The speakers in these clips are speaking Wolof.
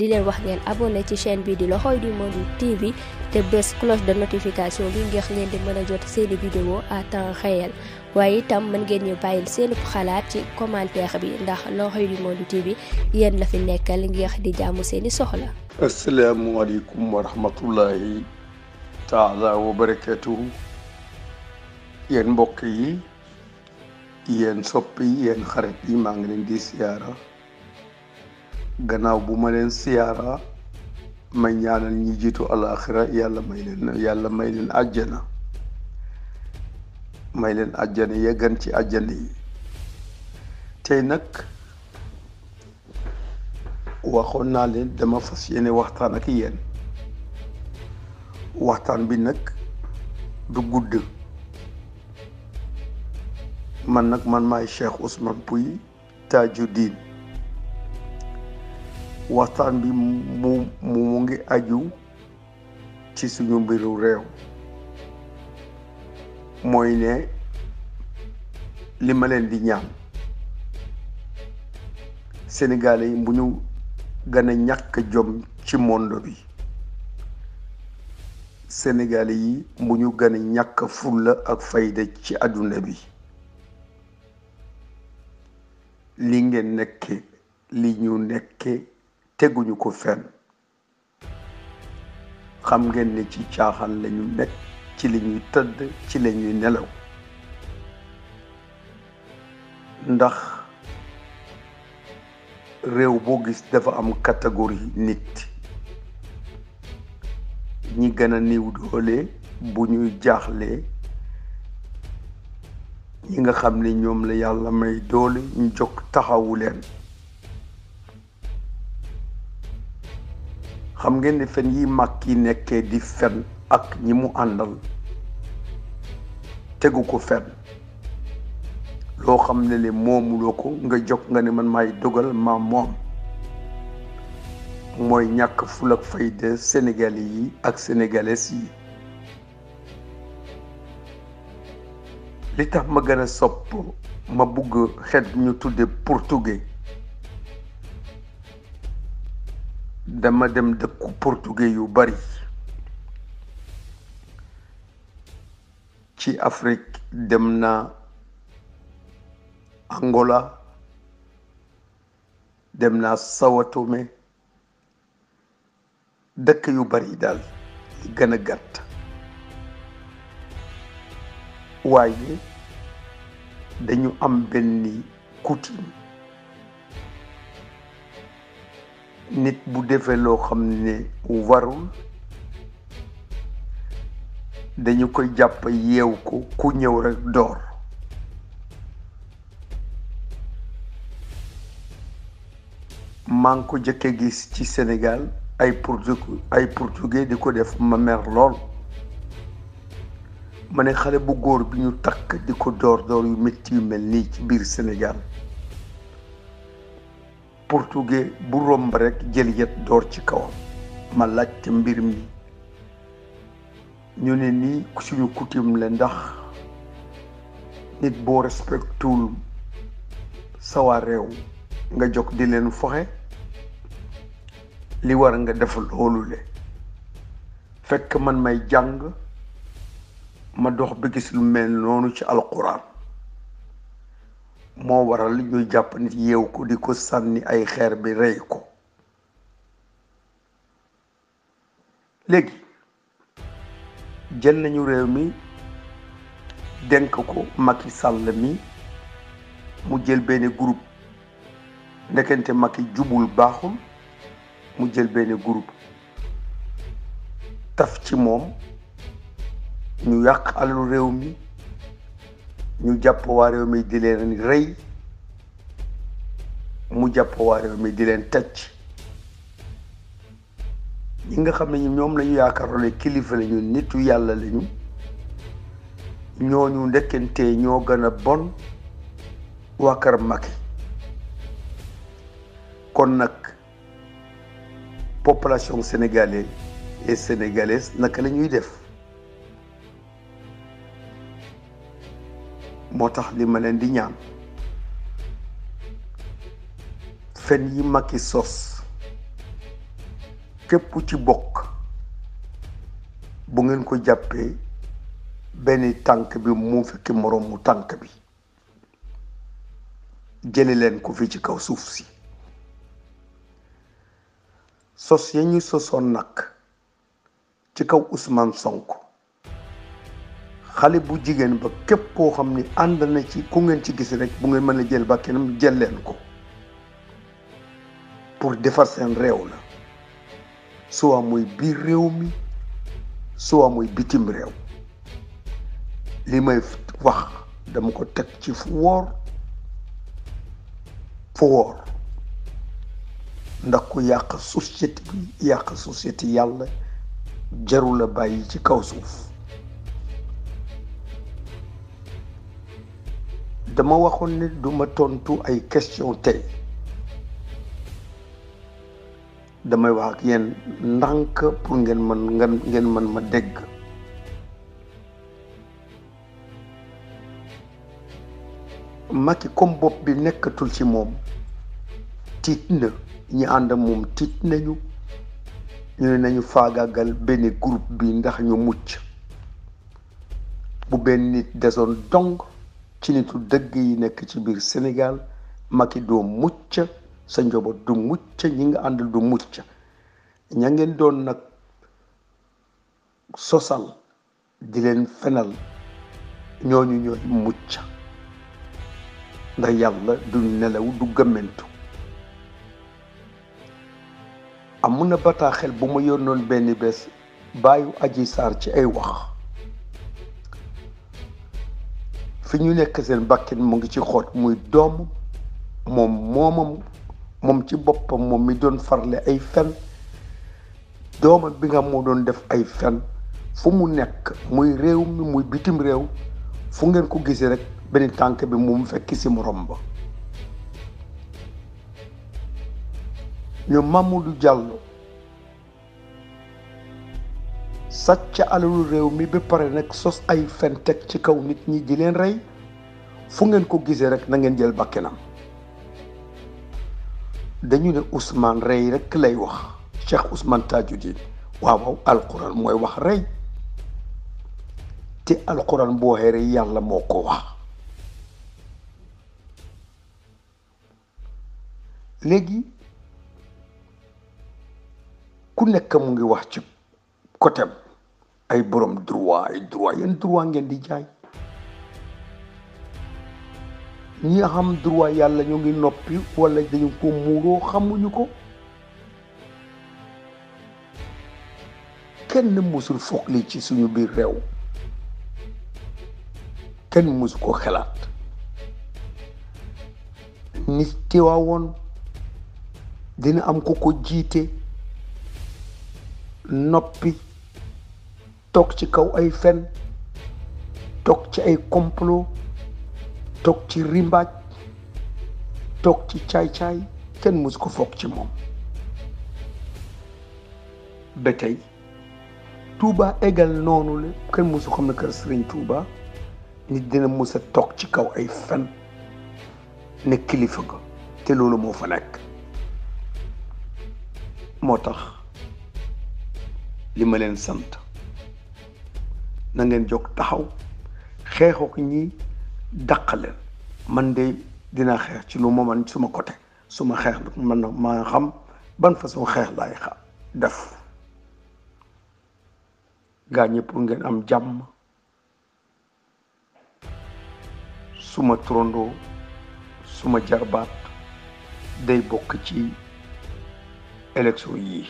di len wax ngeen abonné ci chaîne bi di loxoy du monde tv te bés cloche de notification bi ngeex ngeen di mën a jot seeni vidéo à temps réel waaye tam mën ngeen ñu bàyyil seen xalaat ci commentaire bi ndax loxoy du monde tv yeen la fi nekkal ngeex di jaamu seeni soxla assalamu alaykum wa rahmatullahi taala wa barakatuh yeen mbokk yi yeen soppi yeen xarit yi ma ngi leen di siyaara gannaaw bu ma leen siyaara may ñaanal ñi jiitu alaaxira yàlla may leen yàlla may leen àjjana may leen àjjana yeggan ci àjjana yi tey nag waxoon naa leen dama fas yéene waxtaan ak yéen waxtaan bi nag du gudd man nag man maay Cheikh Ousmane Pouye Tadjou Dine waxtaan bi mu mu ngi aju ci suñu mbiru réew mooy ne li ma leen di ñaan Sénégalais yi bu ñu gën a ñàkk jom ci monde bi Sénégalais yi bu ñu gën a fulla ak fayda ci àdduna bi li ngeen nekke li ñu nekke teguñu ko fenn xam ngeen ni ci caaxaan lañu nekk ci li tëdd ci lañuy ñuy nelaw ndax réew boo gis dafa am catégorie nit ñi gën a néew doole bu ñuy jaaxlee ñi nga xam ne ñoom la yàlla may doole ñu jóg taxawu leen xam ngeen ne fen yi mag yi nekkee di fen ak ñi mu àndal tegu ko fen loo xam ne le moomuloo ko nga jóg nga ne man may dogal ma moom mooy ñàkk ful ak fayda sénégalais yi ak sénégalaises yi li tax ma gën a sopp ma bugg xeet ñu tudde portugais dama dem dëkku portugais yu bari ci Afrique dem na Angola dem na Sao dëkk yu bari daal li gën a gàtt waaye dañu am benn coutume nit bu defee loo xam ne warul dañu koy jàpp yeew ko ku ñëw rekk door maa ngi ko jëkke gis ci Sénégal ay portu ay portugais di ko def ma lool ma ne xale bu góor bi ñu takk di ko door door yu métti yu mel nii ci biir Sénégal portugais bu romb rek jël yet door ci kawam ma laajte mbir mi ñu ne nii suñu coutume la ndax nit boo respectul sawa réew nga jóg di leen foxe li war nga defa loolu le fekk man may jàng ma dox bi gis lu mel noonu ci alquran moo waral ñuy jàpp nit yeew ko di ko sànni ay xeer bi rey ko léegi jël nañu réew mi denk ko Macky Sall mi mu jël benn groupe ndekente Macky jubul baaxul mu jël benn groupe taf ci moom ñu yàq alalu réew mi ñu jàpp waa réew mi di leen rey mu jàpp waa réew mi di leen tëj ñi nga xam ne ñoom lañu yaakaaroon ne kilifa lañu nitu yàlla lañu ñooñu ndekkente ñoo gën a bon waa kër Macky kon nag population sénégalaise et sénégalaise naka lañuy def motax li ma di ñaan fen yi Macky sos kep ci bok bu ngeen ko jappé ben tank bi mu fekki morom mu tank bi len ko fi ci kaw suuf si sos ya soson nak ci kaw Ousmane Sonko xale bu jigéen ba képp koo xam ni ànd na ci ku ngeen ci gis rek bu ngeen mën a jël bakkanam jël leen ko pour defar seen réew la soit muy biir réew mi soit muy bitim réew li may wax dama ko teg ci fu wóor fu wóor ndax ku yàq société bi yàq société yàlla jarul a bàyyi ci kaw suuf dama waxoon ne du tontu ay question tey damay wax ak yéen pour ngeen mën ngeen ngeen mën ma dégg Macky comme bopp bi nekkatul ci moom tiit na ñi ànd moom tiit nañu ñu ne nañu faagaagal benn groupe bi ndax ñu mucc bu benn nit desoon dong ci nitu dëgg yi nekk ci biir Sénégal Macky doo mucc sa njobot du mucc ñi nga àndal du mucc ña ngeen doon nag sosal di leen fenal ñooñu ñooy mucc ndax yàlla du nelaw du gëmmentu amun na bataaxel bu ma yónnoon benn bés bàyyu aji saar ci ay wax fi ñu nekk seen bakkin mu ngi ci xoot muy doom moom moomam moom ci boppam moom mi doon farle ay fen doomam bi nga moo doon def ay fen fu mu nekk muy réew mi muy bitim réew fu ngeen ko gisee rek benn tànk bi mu fekk si morom ba ñu Mamadou Diallo sàcc alalu réew mi ba pare nag sos ay fen teg ci kaw nit ñi di leen rey fu ngeen ko gisee rek na ngeen jël bakkenam dañu ne Ousmane rey rekk lay wax Cheikh Ousmane Tajudeen waaw waaw alquran mooy wax rey te alquran boo waxee yàlla moo ko wax léegi ku nekk mu ngi wax ci côté ay borom droit ay droit yéen ngeen di jaay ñi xam droit yàlla ñu ngi noppi walla dañu ko muuroo xamuñu ko kenn mësul foqli ci suñu biir réew kenn musu ko xelaat nit tiwaawoon dina am ku ko jiite noppi toog ci kaw ay fen toog ci ay complot toog ci rimbaaj toog ci caay-caay kenn mësu ko foog ci moom ba tey egal égal noonu la kenn mësu xam ne kër Sëriñ Touba nit dina mës a toog ci kaw ay fen ne kilifa ga te loolu moo fa nekk moo tax li ma leen sant na ngeen jóg taxaw xeexook ñi dàq man de dina xeex ci lu ma man suma côté suma xeex man na maa xam ban façon xeex laay xa def gaa ñi pour ngeen am jàmm suma turandoo suma jarbaat day bokk ci élection yii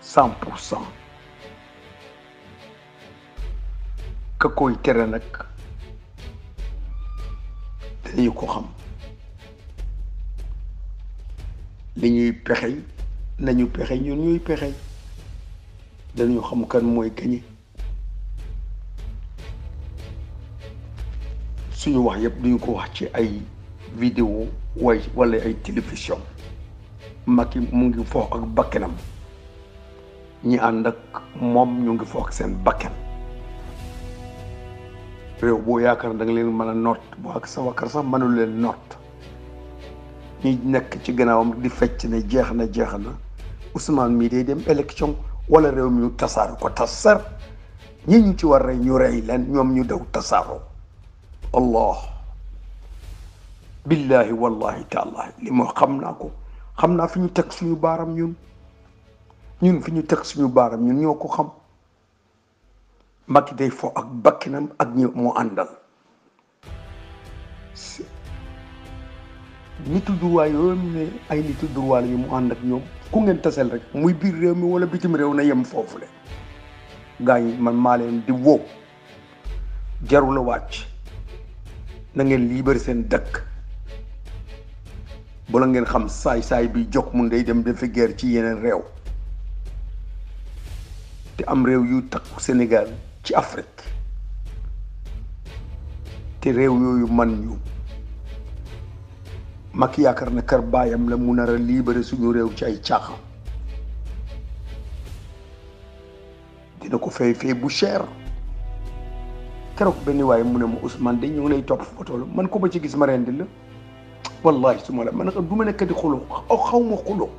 cent pour cent ka koy tere nag dañu ko xam li ñuy pexey nañu pexey ñun ñuy pexey dañu xam kan mooy gañe suñu wax yëpp duñu ko wax ci ay vidéo way wala ay télévision Macky mu ngi foox ak bakkenam ñi ànd ak moom ñu ngi ak seen bakken réew boo yaakaar da nga leen mën a noot bu ak sa wakar sax mënul leen noot ñi nekk ci gannaawam di fecc ne jeex na jeex na Ousmane mii day dem élection wala réew mi ñu tasaaru ko tasar ñi ñu ci war rey ñu rey leen ñoom ñu daw tasaaroo allah billahi wallahi taala li ma xam naa ko xam naa fi ñu teg suñu baaram ñun ñun fi ñu teg suñu baaram ñun ñoo ko xam Macky day fo ak bakinam ak ñu mo andal nitu droit yooyu ne ay nitu droit yu mu and ak ñom ku ngeen tassel rek muy bir rew mi wala bitim rew na yem fofu le gaay man maa leen di wo jaru la wacc na ngeen liber sen seen dëkk la ngeen xam say say bi jog mu ndey dem def guerre ci yeneen rew te am rew yu takku senegal ci Afrique te réew yooyu man ñu Macky yaakaar na kër baayam la mu nar a libéré suñu réew ci ay caaxam dina ko fay fay bu cher keroog benn waaye mu ne ma Ousmane de ñu ngi topp photo la man ko ba ci gis ma rendi la wallahi suma la man du ma nekk di xuloo xaw ma xuloo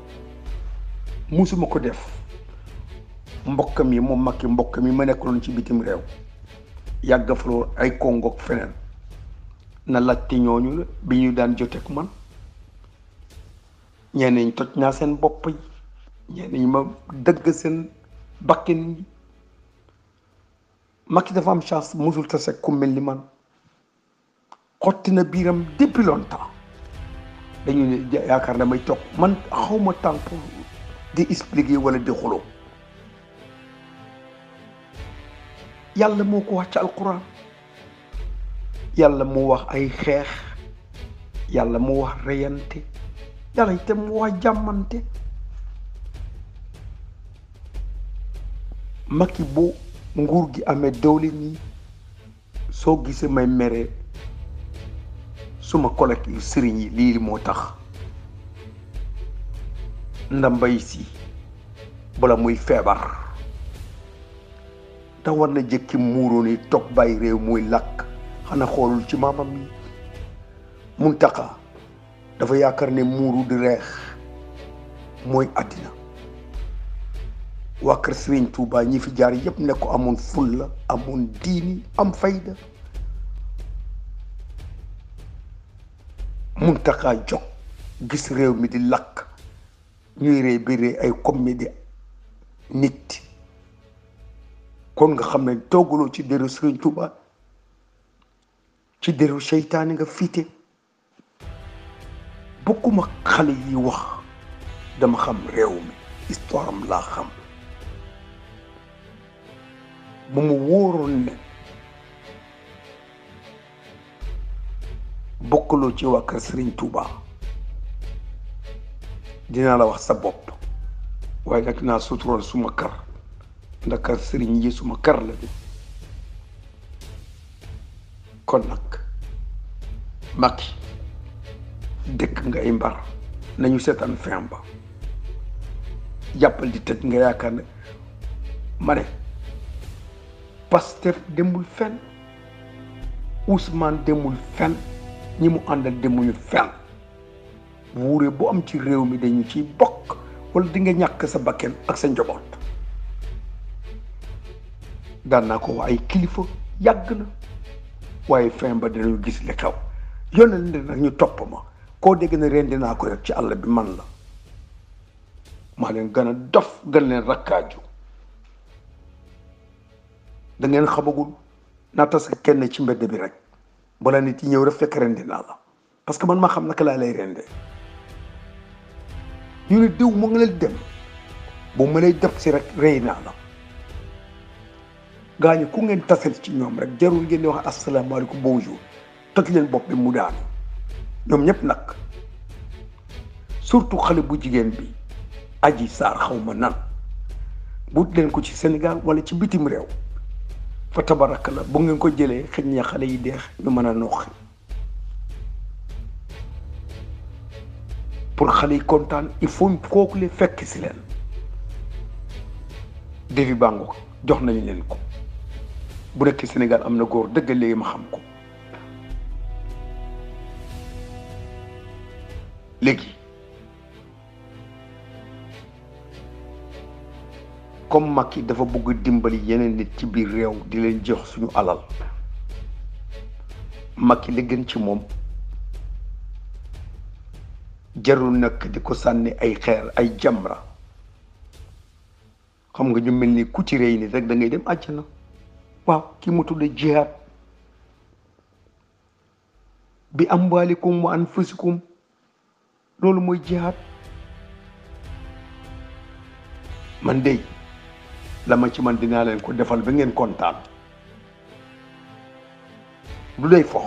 musuma ko def mbokkam yi moom makki mbokkam yi ma nekkaloon ci bitim réew yàgg fa loolu ay kongook feneen na laajte ñooñu bi ñu daan joteek man ñenn toj naa seen bopp yi ñenn ma dëgg seen bakkin yi dafa am chance mosul tase ku mel ni man xotti na biiram depuis longtemps dañu ne yaakaar damay toog man xawma temps di expliquer wala di xuloo yàlla moo ko wax ci alquran yàlla mu wax ay xeex yàlla mu wax reyante yàlla itam mu wax jàmmante Macky bu nguur gi ame doole soo gisee may mere suma collègue yu sëriñ yi lii moo tax ndambay si bala muy feebar te war na jëkki muuru ni toog bàyyi réew muy làkk xana xoolul ci maamam yi Muntaqa dafa yaakaar ne muuru di reex mooy àddina waa kër Sëriñ Tuubaa ñi fi jaar yépp nekk ko amoon fulla amoon diini am fayda Muntaqa jog gis réew mi di lakk ñuy ree bi ree ay comédie nit kon nga xam ne toogaloo ci deru Sëriñ Tuuba ci deru seytaane nga fiite bokkuma xale yi wax dama xam réew mi histoire am laa xam ba mu wóoroon ne bokkaloo ci waa kër Sëriñ Tuuba dinaa la wax sa bopp waaye nag dinaa sutural suma kër ndax sëriñ ji suma kar la bi kon nag Macky dëkk nga ay mbar nañu seetaan fin ba jàppal di tëj nga yaakaar ne ma ne Pastef demul fen Ousmane demul fenn ñi mu àndal demuñu fenn wuure bu am ci réew mi dañu ciy bokk wala di ñàkk sa bakken ak sa njaboot daan naa ko wax ay kilifa yàgg na waaye fin ba dinañu gis li xew yónnal ne nag ñu topp ma koo dégg ne rendi naa ko ci àll bi man la maa leen gën a dof gën leen rakkaaju da ngeen xamagul naa tase kenn ci mbedd bi rek bala nit yi ñëw rek fekk rendi naa la que man ma xam naka laa lay rende ñu ne mu ngi leen dem bu ma lay def si rek rey naa la gaañu ku ngeen tasal ci ñoom rek jarul ngeen di wax asalaamaaleykum bonjour toj leen bopp bi mu daanu ñoom ñëpp nag surtout xale bu jigéen bi aji saar xaw ma nan wut leen ko ci Sénégal wala ci bitim réew fa tabaraka la bu ngeen ko jëlee xëj na yi deex ñu mën a noqi pour xale kontaan il faut kooku le fekk si leen défi bàngo jox nañu leen ko bu nekkee Sénégal am na góor dëgg léegi ma xam ko léegi comme Macky dafa bëgg dimbali yeneen nit ci biir réew di leen jox suñu alal Macky li gën ci moom jarul nag di ko sànni ay xeer ay jamra xam nga ñu mel ni ku ci rey nit rek da ngay dem àjjana waaw kii mu tudde jihaad bi amwaalikum wa anfusikum loolu mooy jihaad man dey la ci man dinaa leen ko defal ba ngeen kontaan du day fox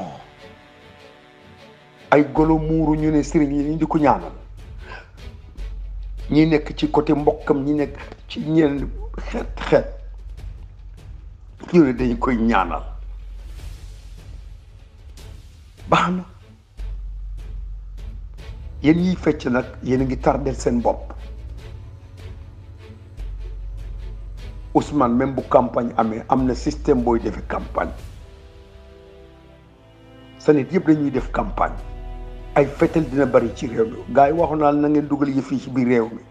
ay golo muuru ñu ne sëriñ yi ñu di ko ñaanal ñi nekk ci côté mbokkam ñi nekk ci ñeen xeet xeet ñu dañu koy ñaanal baax na yéen ñiy fecc nag yéen a ngi tardel seen bopp Ousmane même bu campagne amee am na système booy defee campagne sa nit yëpp dañuy def campagne ay fetel dina bari ci réew mi gars yi waxu naa na ngeen dugal yëf yi ci biir réew mi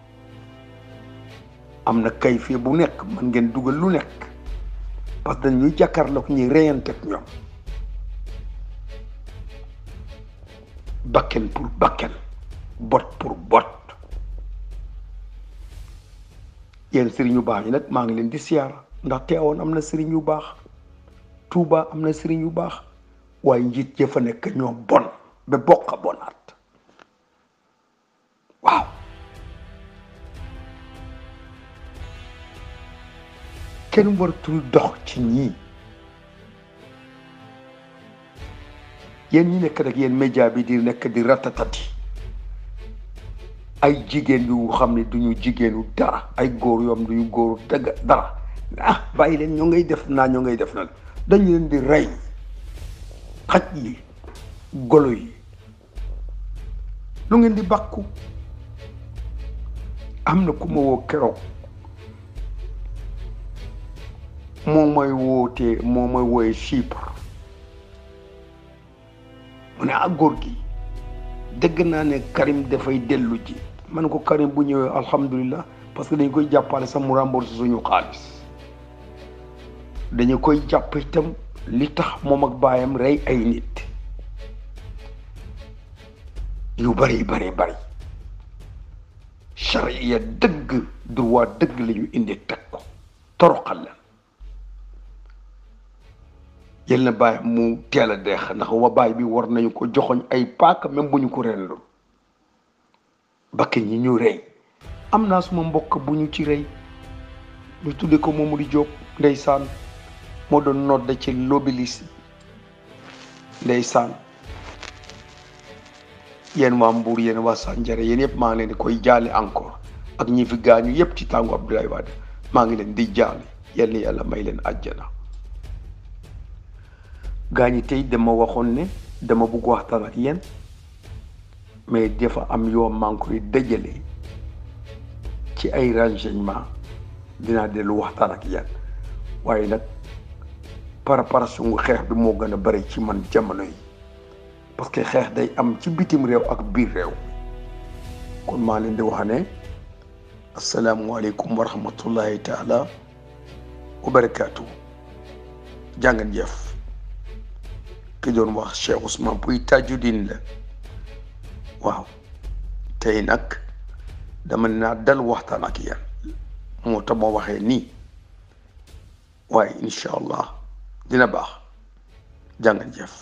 am na kay fii bu nekk mën ngeen dugal lu nekk parce que dañuy jàkkaarloog ñuy reyanteeg ñoom bakken pour bakken bot pour bot yéen sëriñ yu baax yi nag maa ngi leen di siyaar ndax teewoon am na sëriñ yu baax Touba am na sëriñ yu baax waaye njiit ya fa nekk ñoo bon ba bokk bonaat waaw kenn waratul dox ci ñii yéen ñi nekk nag yéen média bi di nekk di ratatati ay jigéen yu xam ne duñu jigéenu dara ay góor yoo xam duñu góoru tëgg dara ah bàyyi leen ñoo ngay def naa ñoo ngay def na dañu leen di rey xaj yi golo yi lu ngeen di bàkku am na ku ma woo keroog moom mooy wootee moo mooy wooye Chypre mu ne ak ah, góor gi dëgg naa ne Karim dafay dellu ji man ko Karim bu ñëwee alhamdulilah parce que dañ koy jàppale sax mu rembourse suñu xaalis dañu koy jàpp itam li tax moom ak baayam rey ay nit yu bari bari bari charia dëgg droit dëgg la indi teg ko toroxal la jël na baay mu teel a deex ndax baay bi war nañu ko joxoñ ay paak même bu ñu ko renlu bakki ñi ñu rey am naa suma mbokk bu ñu ci rey ñu tudde ko mu Mamadou Diop ndeysaan moo doon nodda ci l'obélisque ndeysaan yéen waa Mbour yéen waa Sandiara yéen yëpp maa ngi leen di koy jaale encore ak ñi fi gaañu yëpp ci tàngu Abdoulaye Wade maa ngi leen di jaale yal na yàlla may leen àjjana gaañi tey dama waxoon ne dama bugg waxtaan ak yéen mais dafa am yoo maa ngi koy dajale ci ay renseignement dinaa dellu waxtaan ak yéen waaye nag para para sungu xeex bi moo gën a bari ci man jamono yi parce que xeex day am ci bitim réew ak biir réew kon maa leen di wax ne asalaamualeykum wa rahmatullahi taala wa barakaatu jàngan jëf ki doon wax Cheikh Ousmane Pouye Tadjidine la waaw tey nag dama naa dal waxtaan ak yéen moo tax ma waxee nii waaye incha allah dina baax jàngal jëf